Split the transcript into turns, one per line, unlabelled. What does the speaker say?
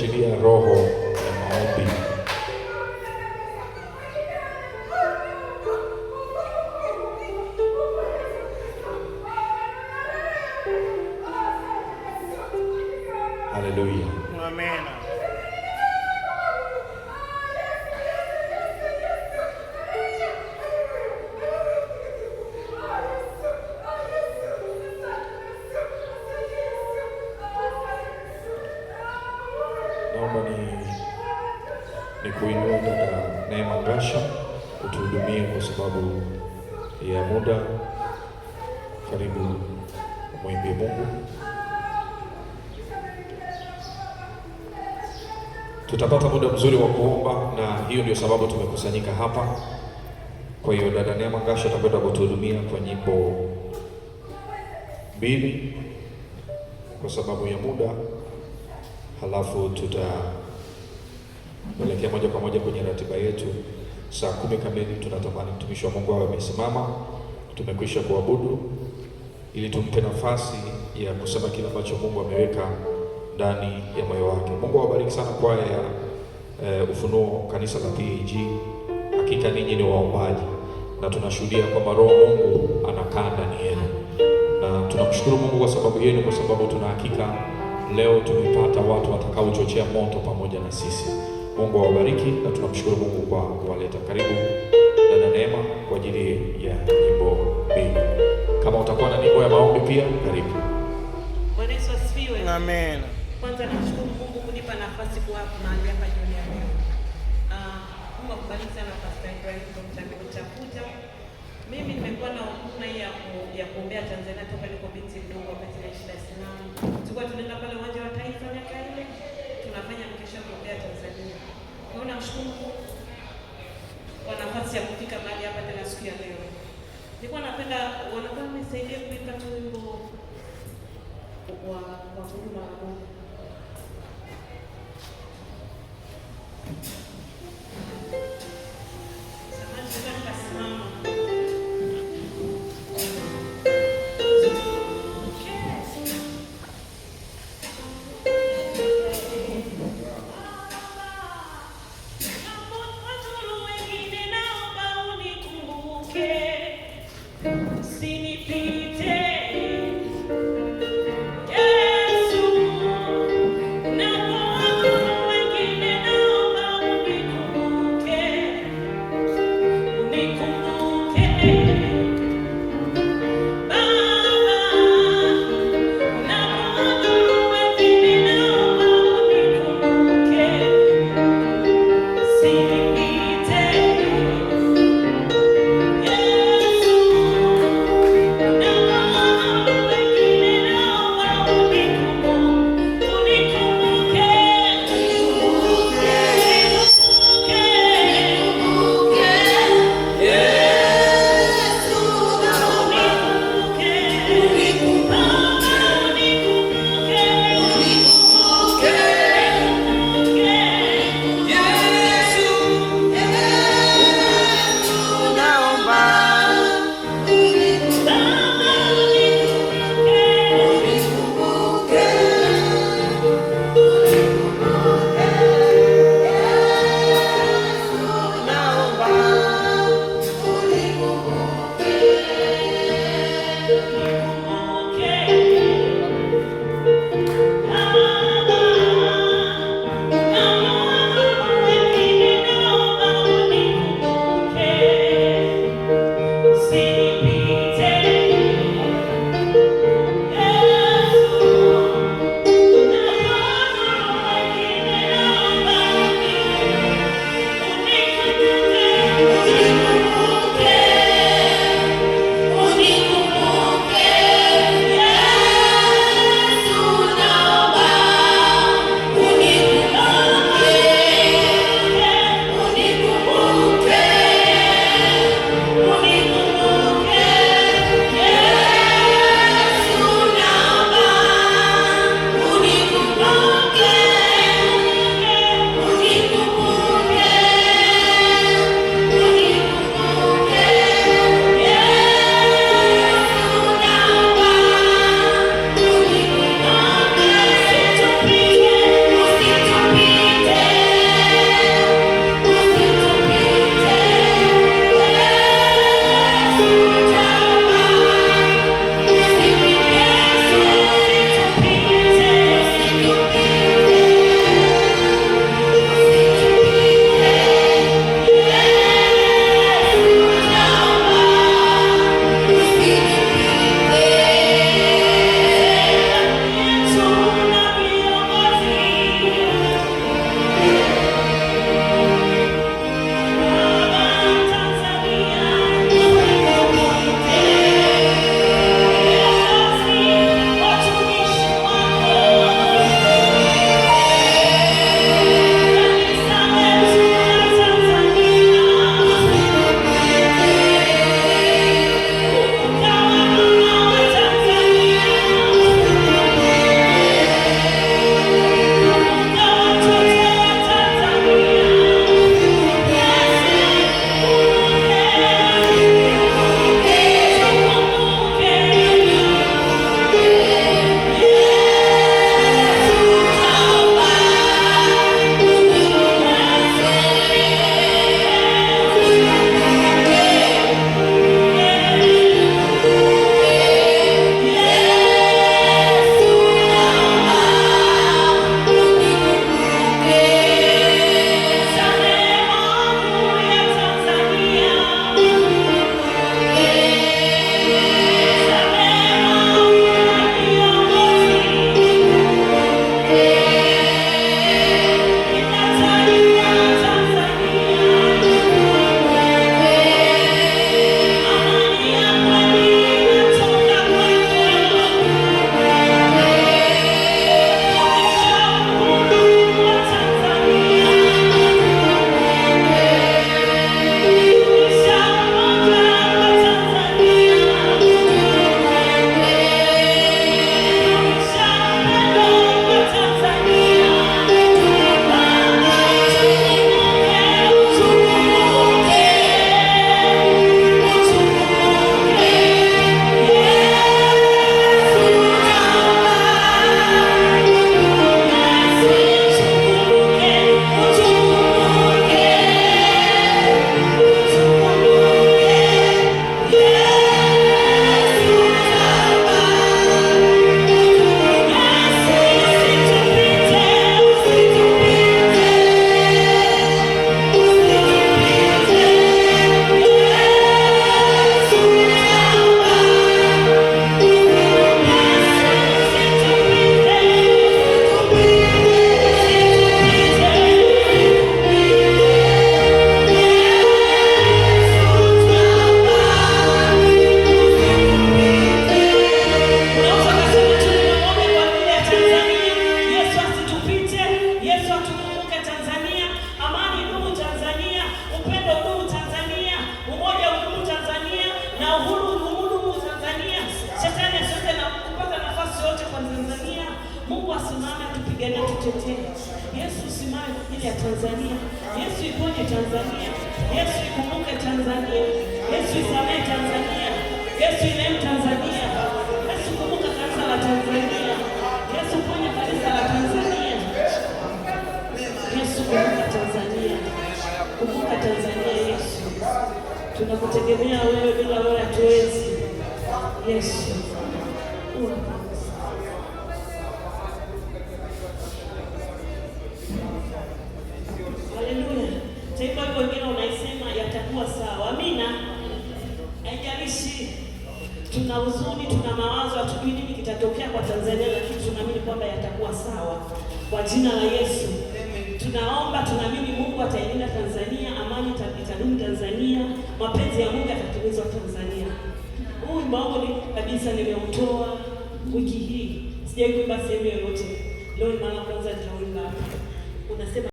Sería rojo, kwa sababu ya muda. Karibu mwimbie Mungu. Tutapata muda mzuri wa kuomba, na hiyo ndio sababu tumekusanyika hapa. Kwa hiyo dada Neema Ngasho atakwenda kutuhudumia kwa nyimbo mbili kwa sababu ya muda, halafu tutaelekea moja kwa moja kwenye ratiba yetu saa kumi kamili tunatamani mtumishi wa Mungu awe amesimama. Tumekwisha kuabudu ili tumpe nafasi ya kusema kile ambacho Mungu ameweka ndani ya moyo wake. Mungu awabariki sana kwaya ya e, Ufunuo kanisa la PAG. Hakika ninyi ni waombaji na tunashuhudia kwamba Roho Mungu anakaa ndani yenu, na tunamshukuru Mungu kwa sababu yenu, kwa sababu tunahakika leo tumepata watu watakaochochea moto pamoja na sisi. Mungu awabariki na tunamshukuru Mungu kwa kuwaleta. Karibu na Neema kwa ajili ya nyimbo mbili. Kama utakuwa na nyimbo ya maombi pia karibu.
Bwana Yesu asifiwe. Amen. Kwanza nashukuru Mungu kunipa nafasi kuwa mahali hapa. ya kufika mahali hapa tena siku ya leo. Nilikuwa napenda wanakuwa nisaidie kuimba tu wimbo wa huduma ya Mungu. tutetee. Yesu simama kwa ajili ya Tanzania. Yesu iponye Tanzania. Yesu ikumbuke Tanzania. Yesu isamee Tanzania. Yesu inemu Tanzania. Yesu kumbuka kanisa la Tanzania. Yesu ponye kanisa la Tanzania. Yesu kumbuka Tanzania. Kumbuka Tanzania Yesu. Tunakutegemea wewe, bila wewe hatuwezi. Yesu yametokea kwa Tanzania, lakini tunaamini kwamba yatakuwa sawa kwa jina la Yesu. Tunaomba, tunaamini Mungu atailinda Tanzania, amani itadumu Tanzania, mapenzi ya Mungu yatatimizwa Tanzania. Huu wimbo ni kabisa nimeutoa wiki hii, sijawahi kuimba sehemu yoyote. Leo ni mara kwanza nitaimba, unasema